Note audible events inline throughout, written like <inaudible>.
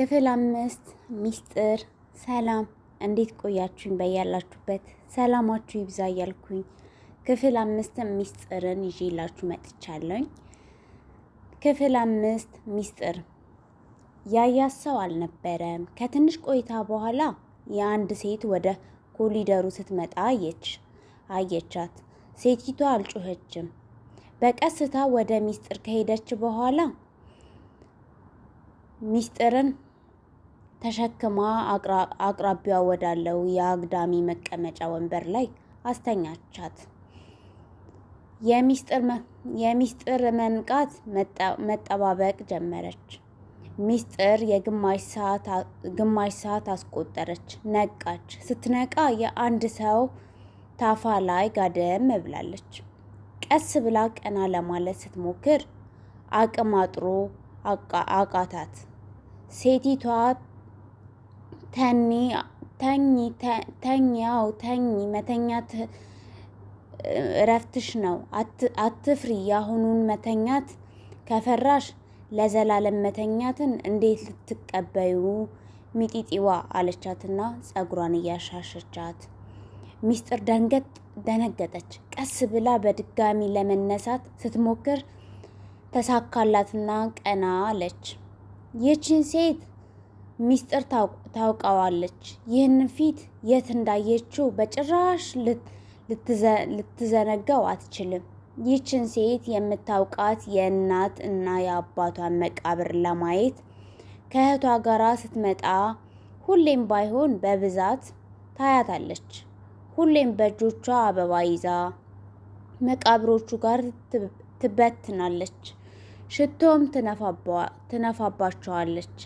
ክፍል አምስት ሚስጥር። ሰላም እንዴት ቆያችሁኝ? በያላችሁበት ሰላማችሁ ይብዛ እያልኩኝ ክፍል አምስት ሚስጥርን ይዤላችሁ መጥቻለሁኝ። ክፍል አምስት ሚስጥር ያያት ሰው አልነበረም። ከትንሽ ቆይታ በኋላ የአንድ ሴት ወደ ኮሊደሩ ስትመጣ አየች አየቻት። ሴቲቷ አልጮኸችም። በቀስታ ወደ ሚስጥር ከሄደች በኋላ ሚስጥርን ተሸክማ አቅራቢያ ወዳለው የአግዳሚ መቀመጫ ወንበር ላይ አስተኛቻት። የሚስጥር መንቃት መጠባበቅ ጀመረች። ሚስጥር የግማሽ ሰዓት አስቆጠረች። ነቃች። ስትነቃ የአንድ ሰው ታፋ ላይ ጋደም ብላለች። ቀስ ብላ ቀና ለማለት ስትሞክር አቅም አጥሮ አቃታት። ሴቲቷ ተኒ ተኝ ተኝ ያው ተኝ መተኛት እረፍትሽ ነው። አትፍሪ። ያሁኑን መተኛት ከፈራሽ ለዘላለም መተኛትን እንዴት ልትቀበዩ ሚጢጢዋ አለቻትና ፀጉሯን እያሻሸቻት ሚስጥር ደንገጥ ደነገጠች። ቀስ ብላ በድጋሚ ለመነሳት ስትሞክር ተሳካላትና ቀና አለች። ይህችን ሴት ሚስጥር ታውቀዋለች። ይህንን ፊት የት እንዳየችው በጭራሽ ልትዘነጋው አትችልም። ይህችን ሴት የምታውቃት የእናት እና የአባቷን መቃብር ለማየት ከእህቷ ጋራ ስትመጣ ሁሌም ባይሆን በብዛት ታያታለች። ሁሌም በእጆቿ አበባ ይዛ መቃብሮቹ ጋር ትበትናለች። ሽቶም ትነፋባቸዋለች።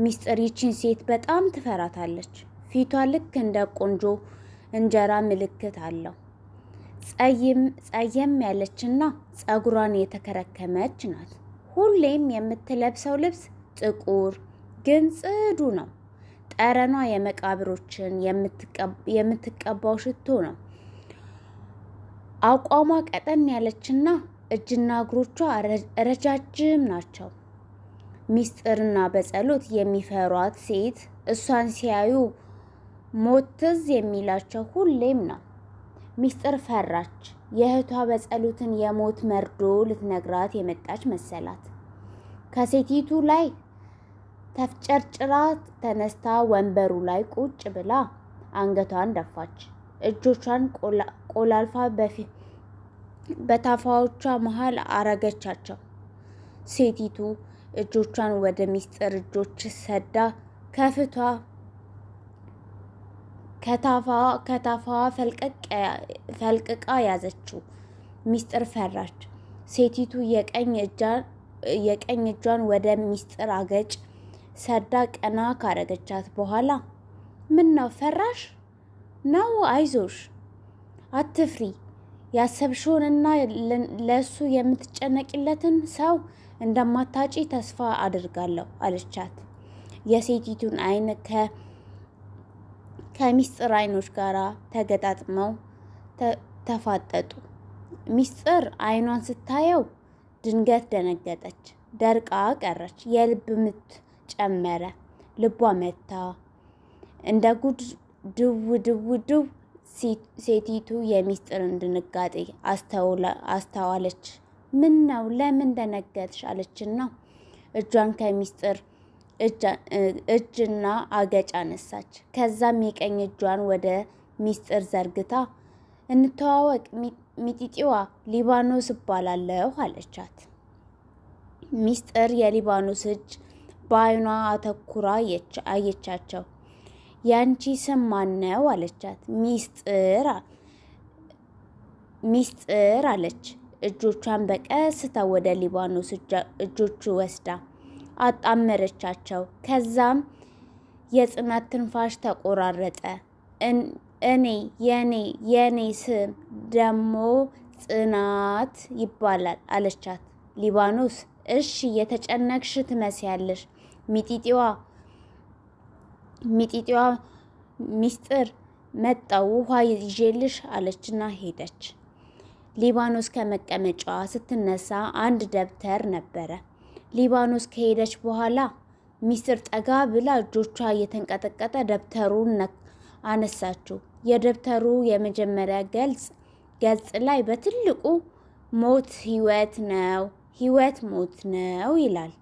ሚስጥር ይችን ሴት በጣም ትፈራታለች። ፊቷ ልክ እንደ ቆንጆ እንጀራ ምልክት አለው። ጸየም ያለችና ጸጉሯን የተከረከመች ናት። ሁሌም የምትለብሰው ልብስ ጥቁር ግን ጽዱ ነው። ጠረኗ የመቃብሮችን የምትቀባው ሽቶ ነው። አቋሟ ቀጠን ያለችና እጅና እግሮቿ ረጃጅም ናቸው። ሚስጥርና በጸሎት የሚፈሯት ሴት እሷን ሲያዩ ሞትዝ የሚላቸው ሁሌም ነው። ሚስጥር ፈራች። የእህቷ በጸሎትን የሞት መርዶ ልትነግራት የመጣች መሰላት። ከሴቲቱ ላይ ተፍጨርጭራ ተነስታ ወንበሩ ላይ ቁጭ ብላ አንገቷን ደፋች። እጆቿን ቆላልፋ በታፋዎቿ መሃል አረገቻቸው። ሴቲቱ እጆቿን ወደ ሚስጥር እጆች ሰዳ ከፍቷ ከታፋዋ ፈልቅቃ ያዘችው። ሚስጥር ፈራች። ሴቲቱ የቀኝ እጇን ወደ ሚስጥር አገጭ ሰዳ ቀና ካረገቻት በኋላ ምን ነው ፈራሽ ነው? አይዞሽ፣ አትፍሪ። ያሰብሽውንና ለእሱ የምትጨነቂለትን ሰው እንደማታጪ ተስፋ አድርጋለሁ አለቻት። የሴቲቱን አይን ከሚስጥር አይኖች ጋር ተገጣጥመው ተፋጠጡ። ሚስጥር አይኗን ስታየው ድንገት ደነገጠች፣ ደርቃ ቀረች። የልብ ምት ጨመረ። ልቧ መታ እንደ ጉድ ድው ድው ድው። ሴቲቱ የሚስጥርን ድንጋጤ አስተዋለች። ምን ነው ለምን ደነገጥሽ አለችና እጇን ከሚስጥር እጅና አገጭ አነሳች። ከዛም የቀኝ እጇን ወደ ሚስጥር ዘርግታ እንተዋወቅ ሚጢጢዋ ሊባኖስ እባላለሁ አለቻት። ሚስጥር የሊባኖስ እጅ በአይኗ አተኩራ አየቻቸው። ያንቺ ስም ማነው አለቻት። ሚስጥር ሚስጥር አለች። እጆቿን በቀስታ ወደ ሊባኖስ እጆቹ ወስዳ አጣመረቻቸው። ከዛም የጽናት ትንፋሽ ተቆራረጠ። እኔ የኔ የኔ ስም ደግሞ ጽናት ይባላል አለቻት ሊባኖስ። እሺ የተጨነቅሽ ትመስያለሽ። ሚጢጢዋ ሚጢጢዋ ሚስጥር መጣው ውሃ ይዤልሽ አለችና ሄደች። ሊባኖስ ከመቀመጫዋ ስትነሳ አንድ ደብተር ነበረ። ሊባኖስ ከሄደች በኋላ ሚስጥር ጠጋ ብላ እጆቿ እየተንቀጠቀጠ ደብተሩን አነሳችው። የደብተሩ የመጀመሪያ ገልጽ ገጽ ላይ በትልቁ ሞት ህይወት ነው፣ ህይወት ሞት ነው ይላል።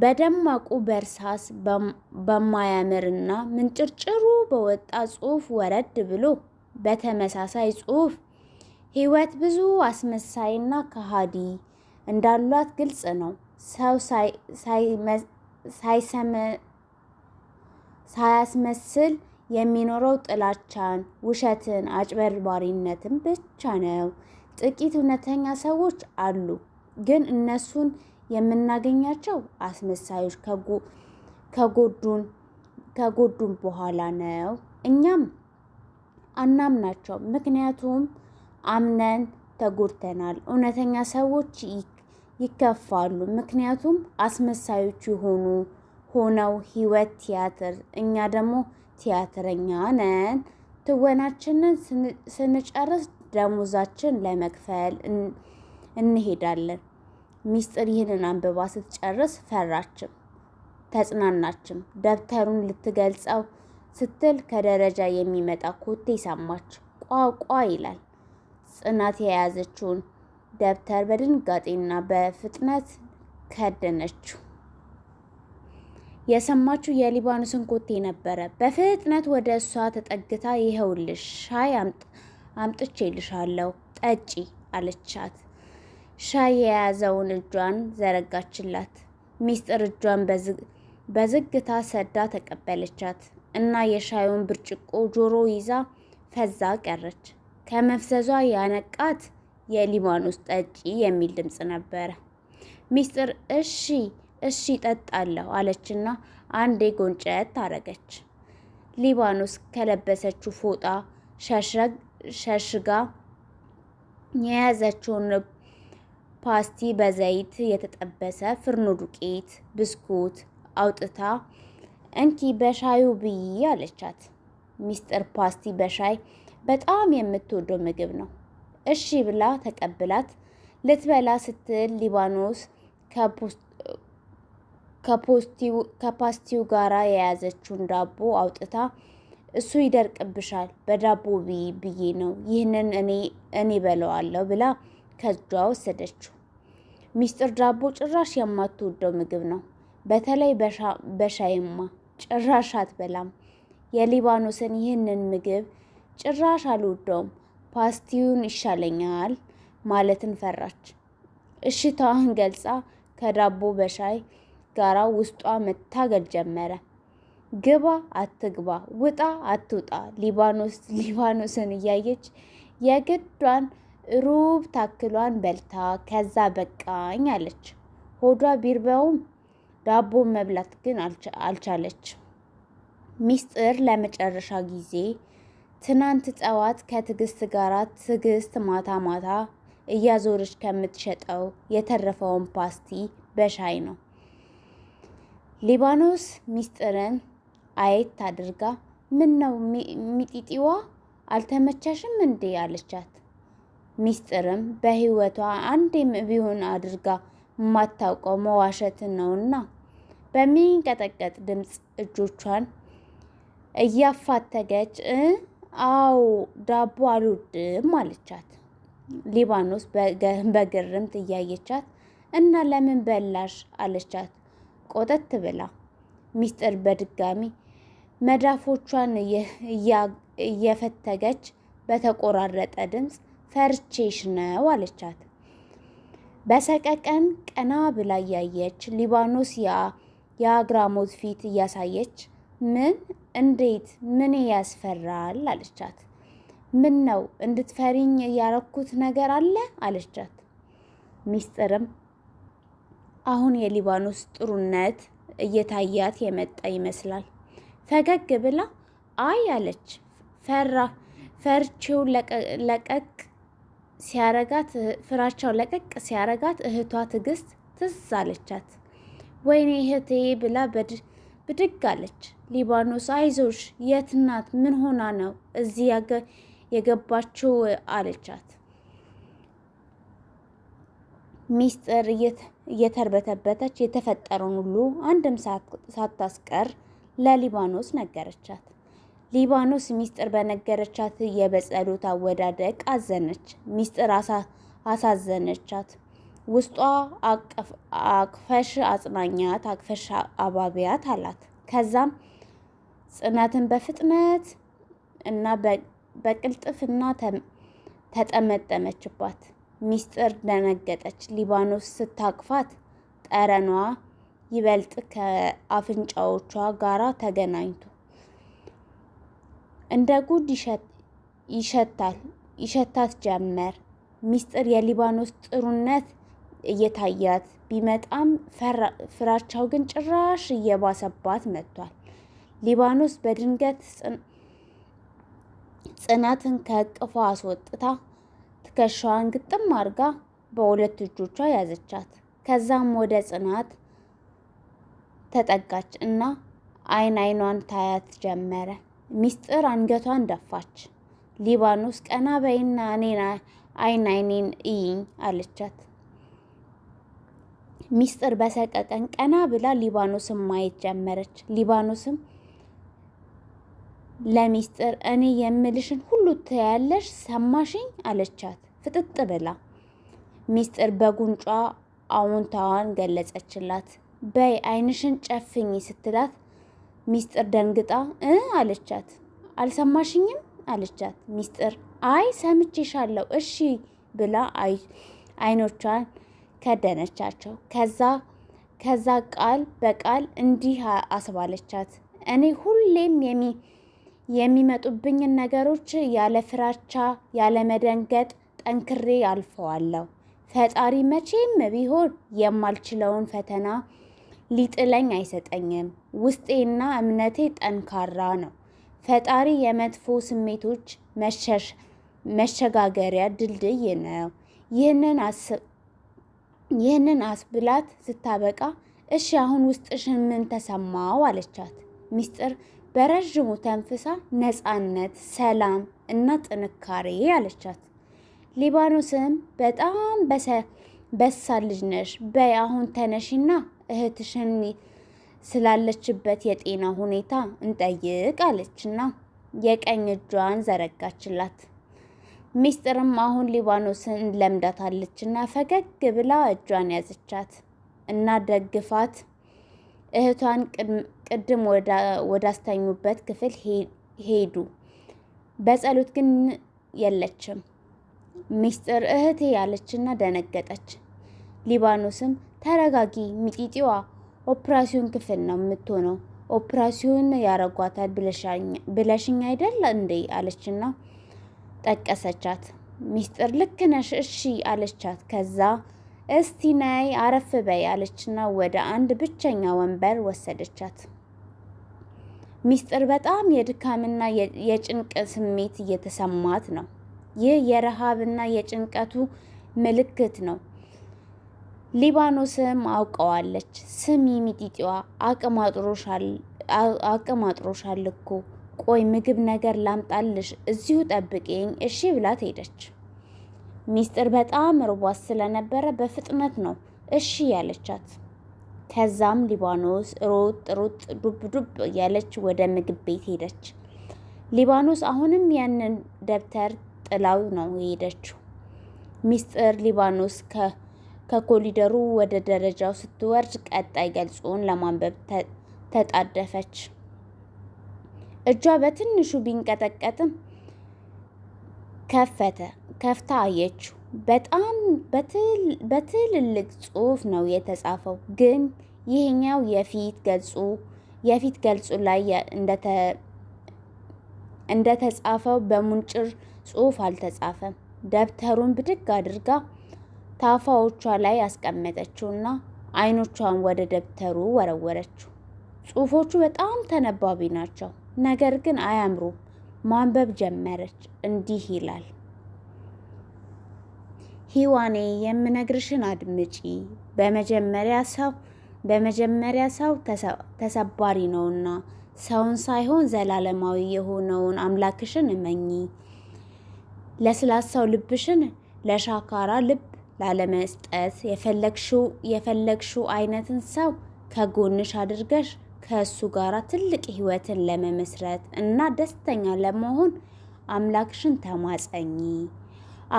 በደማቁ በእርሳስ በማያምርና ምንጭርጭሩ በወጣ ጽሑፍ ወረድ ብሎ በተመሳሳይ ጽሑፍ ህይወት ብዙ አስመሳይና ከሃዲ እንዳሏት ግልጽ ነው። ሰው ሳያስመስል የሚኖረው ጥላቻን፣ ውሸትን፣ አጭበርባሪነትን ብቻ ነው። ጥቂት እውነተኛ ሰዎች አሉ፣ ግን እነሱን የምናገኛቸው አስመሳዮች ከጎዱን በኋላ ነው። እኛም አናምናቸው ምክንያቱም አምነን ተጎድተናል። እውነተኛ ሰዎች ይከፋሉ፣ ምክንያቱም አስመሳዮች የሆኑ ሆነው ህይወት ቲያትር፣ እኛ ደግሞ ቲያትረኛ ነን። ትወናችንን ስንጨርስ ደሞዛችን ለመክፈል እንሄዳለን። ሚስጥር ይህንን አንብባ ስትጨርስ ፈራችም ተጽናናችም። ደብተሩን ልትገልጸው ስትል ከደረጃ የሚመጣ ኮቴ ሰማች። ቋቋ ይላል። ጽናት የያዘችውን ደብተር በድንጋጤና በፍጥነት ከደነችው። የሰማችው የሊባኖስን ኮቴ ነበረ። በፍጥነት ወደ እሷ ተጠግታ ይኸውልሽ ሻይ አምጥቼልሻለሁ ጠጪ አለቻት። ሻይ የያዘውን እጇን ዘረጋችላት። ሚስጥር እጇን በዝግታ ሰዳ ተቀበለቻት እና የሻዩን ብርጭቆ ጆሮ ይዛ ፈዛ ቀረች። ከመፍዘዟ ያነቃት የሊባኖስ ጠጪ የሚል ድምፅ ነበረ። ሚስጥር እሺ እሺ ጠጣለሁ አለችና አንዴ ጎንጨት አረገች። ሊባኖስ ከለበሰችው ፎጣ ሸሽጋ የያዘችውን ፓስቲ በዘይት የተጠበሰ ፍርኖ ዱቄት፣ ብስኩት አውጥታ እንኪ በሻዩ ብይ አለቻት። ሚስጥር ፓስቲ በሻይ በጣም የምትወደው ምግብ ነው። እሺ ብላ ተቀብላት ልትበላ ስትል ሊባኖስ ከፓስቲው ጋር የያዘችውን ዳቦ አውጥታ እሱ ይደርቅብሻል፣ በዳቦ ብይ ብዬ ነው ይህንን እኔ በለዋለሁ ብላ ከጇ ወሰደችው። ሚስጥር ዳቦ ጭራሽ የማትወደው ምግብ ነው። በተለይ በሻይማ ጭራሽ አትበላም። የሊባኖስን ይህንን ምግብ ጭራሽ አልወደውም፣ ፓስቲውን ይሻለኛል ማለትን ፈራች። እሽታዋን ገልጻ ከዳቦ በሻይ ጋራ ውስጧ መታገል ጀመረ። ግባ አትግባ፣ ውጣ አትውጣ፣ ሊባኖስ <laughs> ሊባኖስን እያየች የግዷን ሩብ ታክሏን በልታ ከዛ በቃኝ አለች። ሆዷ ቢርበውም ዳቦ መብላት ግን አልቻለች። ሚስጥር ለመጨረሻ ጊዜ ትናንት ጠዋት ከትዕግስት ጋር ትዕግስት ማታ ማታ እያዞረች ከምትሸጠው የተረፈውን ፓስቲ በሻይ ነው። ሊባኖስ ሚስጥርን አየት አድርጋ ምን ነው ሚጢጢዋ አልተመቻሽም እንዴ አለቻት። ሚስጥርም በህይወቷ አንዴም ቢሆን አድርጋ የማታውቀው መዋሸትን ነውና በሚንቀጠቀጥ ድምፅ እጆቿን እያፋተገች አዎ ዳቦ አልወድም አለቻት። ሊባኖስ በግርምት እያየቻት እና ለምን በላሽ አለቻት ቆጠት ብላ ሚስጥር በድጋሚ መዳፎቿን እየፈተገች በተቆራረጠ ድምፅ ፈርቼሽ ነው አለቻት። በሰቀቀን ቀና ብላ እያየች ሊባኖስ የአግራሞት ፊት እያሳየች ምን እንዴት ምን ያስፈራል አለቻት። ምን ነው እንድትፈሪኝ ያረኩት ነገር አለ አለቻት። ሚስጥርም አሁን የሊባኖስ ጥሩነት እየታያት የመጣ ይመስላል። ፈገግ ብላ አይ አለች። ፈራ ፈርቼው ለቀቅ ሲያረጋት ፍራቻው ለቀቅ ሲያረጋት እህቷ ትዕግስት ትዝ አለቻት። ወይኔ እህቴ ብላ በድ ብድግ አለች። ሊባኖስ አይዞሽ፣ የት ናት? ምን ሆና ነው እዚህ የገባችው? አለቻት። ሚስጥር እየተርበተበተች የተፈጠረውን ሁሉ አንድም ሳታስቀር ለሊባኖስ ነገረቻት። ሊባኖስ ሚስጥር በነገረቻት የበጸሎት አወዳደቅ አዘነች። ሚስጥር አሳዘነቻት። ውስጧ አቅፈሽ አጽናኛት፣ አቅፈሽ አባቢያት አላት። ከዛም ጽናትን በፍጥነት እና በቅልጥፍና ተጠመጠመችባት። ሚስጥር ደነገጠች። ሊባኖስ ስታቅፋት ጠረኗ ይበልጥ ከአፍንጫዎቿ ጋራ ተገናኝቶ እንደ ጉድ ይሸታል ይሸታት ጀመር። ሚስጥር የሊባኖስ ጥሩነት እየታያት ቢመጣም ፍራቻው ግን ጭራሽ እየባሰባት መጥቷል። ሊባኖስ በድንገት ጽናትን ከእቅፏ አስወጥታ ትከሻዋን ግጥም አድርጋ በሁለት እጆቿ ያዘቻት። ከዛም ወደ ጽናት ተጠጋች እና አይን አይኗን ታያት ጀመረ። ሚስጥር አንገቷን ደፋች። ሊባኖስ ቀና በይና እኔን አይን አይኔን እይኝ አለቻት። ሚስጥር በሰቀቀን ቀና ብላ ሊባኖስም ማየት ጀመረች። ሊባኖስም ለሚስጥር እኔ የምልሽን ሁሉ ትያለሽ ሰማሽኝ? አለቻት ፍጥጥ ብላ። ሚስጥር በጉንጯ አዎንታዋን ገለጸችላት። በይ አይንሽን ጨፍኝ ስትላት ሚስጥር ደንግጣ እ አለቻት። አልሰማሽኝም አለቻት ሚስጥር። አይ ሰምቼሻለሁ እሺ ብላ አይኖቿን ከደነቻቸው። ከዛ ከዛ ቃል በቃል እንዲህ አስባለቻት። እኔ ሁሌም የሚመጡብኝን ነገሮች ያለ ፍራቻ ያለ መደንገጥ ጠንክሬ አልፈዋለሁ። ፈጣሪ መቼም ቢሆን የማልችለውን ፈተና ሊጥለኝ አይሰጠኝም። ውስጤና እምነቴ ጠንካራ ነው። ፈጣሪ የመጥፎ ስሜቶች መሸጋገሪያ ድልድይ ነው። ይህንን ይህንን አስብላት ስታበቃ እሺ አሁን ውስጥሽን ምን ተሰማው አለቻት። ሚስጥር በረዥሙ ተንፍሳ ነፃነት፣ ሰላም እና ጥንካሬ አለቻት። ሊባኖስም በጣም በሳል ልጅ ነሽ፣ በይ አሁን ተነሽና እህትሽን ስላለችበት የጤና ሁኔታ እንጠይቅ አለችና የቀኝ እጇን ዘረጋችላት። ሚስጥርም አሁን ሊባኖስን ለምዳታለች እና ፈገግ ብላ እጇን ያዘቻት እና ደግፋት እህቷን ቅድም ወዳስተኙበት ክፍል ሄዱ። በጸሎት ግን የለችም። ሚስጥር እህቴ ያለችና ደነገጠች። ሊባኖስም ተረጋጊ ሚጢጢዋ ኦፕራሲዮን ክፍል ነው የምትሆነው ኦፕራሲዮን ያረጓታል ብለሽኝ አይደል እንዴ አለችና ጠቀሰቻት። ሚስጥር ልክ ነሽ እሺ አለቻት። ከዛ እስቲ ነይ አረፍ በይ አለችና ወደ አንድ ብቸኛ ወንበር ወሰደቻት። ሚስጥር በጣም የድካምና የጭንቅ ስሜት እየተሰማት ነው። ይህ የረሃብና የጭንቀቱ ምልክት ነው። ሊባኖስም አውቀዋለች። ስሚ ሚጢጢዋ አቅማጥሮሻል እኮ ቆይ ምግብ ነገር ላምጣልሽ እዚሁ ጠብቂኝ እሺ ብላት ሄደች። ሚስጥር በጣም ርቧት ስለነበረ በፍጥነት ነው እሺ ያለቻት። ከዛም ሊባኖስ ሩጥ ሩጥ ዱብ ዱብ ያለች ወደ ምግብ ቤት ሄደች። ሊባኖስ አሁንም ያንን ደብተር ጥላው ነው የሄደችው። ሚስጥር ሊባኖስ ከኮሊደሩ ወደ ደረጃው ስትወርድ ቀጣይ ገልጾን ለማንበብ ተጣደፈች። እጇ በትንሹ ቢንቀጠቀጥም ከፈተ። ከፍታ አየችው። በጣም በትልልቅ ጽሑፍ ነው የተጻፈው፣ ግን ይህኛው የፊት ገጹ የፊት ገልጹ ላይ እንደተጻፈው በሙንጭር ጽሑፍ አልተጻፈም። ደብተሩን ብድግ አድርጋ ታፋዎቿ ላይ አስቀመጠችውና አይኖቿን ወደ ደብተሩ ወረወረችው። ጽሑፎቹ በጣም ተነባቢ ናቸው። ነገር ግን አያምሩም። ማንበብ ጀመረች። እንዲህ ይላል ሂዋኔ የምነግርሽን አድምጪ። በመጀመሪያ ሰው በመጀመሪያ ሰው ተሰባሪ ነውና ሰውን ሳይሆን ዘላለማዊ የሆነውን አምላክሽን እመኚ። ለስላሳው ልብሽን ለሻካራ ልብ ላለመስጠት የፈለግሽው የፈለግሽው አይነትን ሰው ከጎንሽ አድርገሽ ከእሱ ጋር ትልቅ ህይወትን ለመመስረት እና ደስተኛ ለመሆን አምላክሽን ተማጸኚ።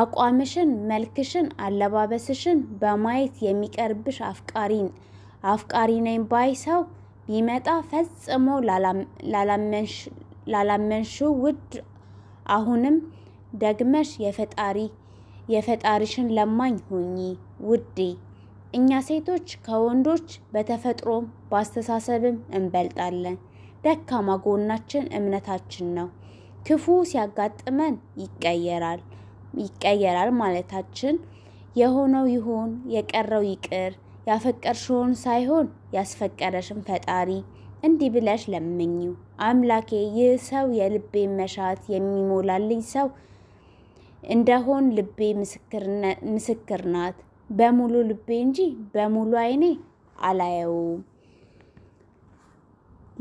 አቋምሽን፣ መልክሽን፣ አለባበስሽን በማየት የሚቀርብሽ አፍቃሪ ነኝ ባይ ሰው ቢመጣ ፈጽሞ ላላመንሽው ውድ አሁንም ደግመሽ የፈጣሪሽን ለማኝ ሁኚ ውዴ። እኛ ሴቶች ከወንዶች በተፈጥሮም በአስተሳሰብም እንበልጣለን። ደካማ ጎናችን እምነታችን ነው። ክፉ ሲያጋጥመን ይቀየራል ይቀየራል ማለታችን የሆነው ይሁን የቀረው ይቅር፣ ያፈቀርሽውን ሳይሆን ያስፈቀረሽን ፈጣሪ እንዲህ ብለሽ ለምኝው፣ አምላኬ ይህ ሰው የልቤ መሻት የሚሞላልኝ ሰው እንደሆን ልቤ ምስክር ናት። በሙሉ ልቤ እንጂ በሙሉ አይኔ አላየውም።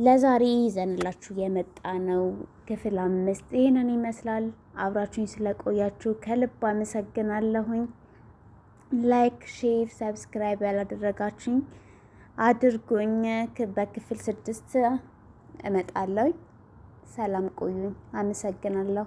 ለዛሬ ይዘንላችሁ የመጣ ነው ክፍል አምስት ይህንን ይመስላል። አብራችሁኝ ስለቆያችሁ ከልብ አመሰግናለሁኝ። ላይክ፣ ሼር፣ ሰብስክራይብ ያላደረጋችሁኝ አድርጎኝ በክፍል ስድስት እመጣለሁ። ሰላም ቆዩኝ። አመሰግናለሁ።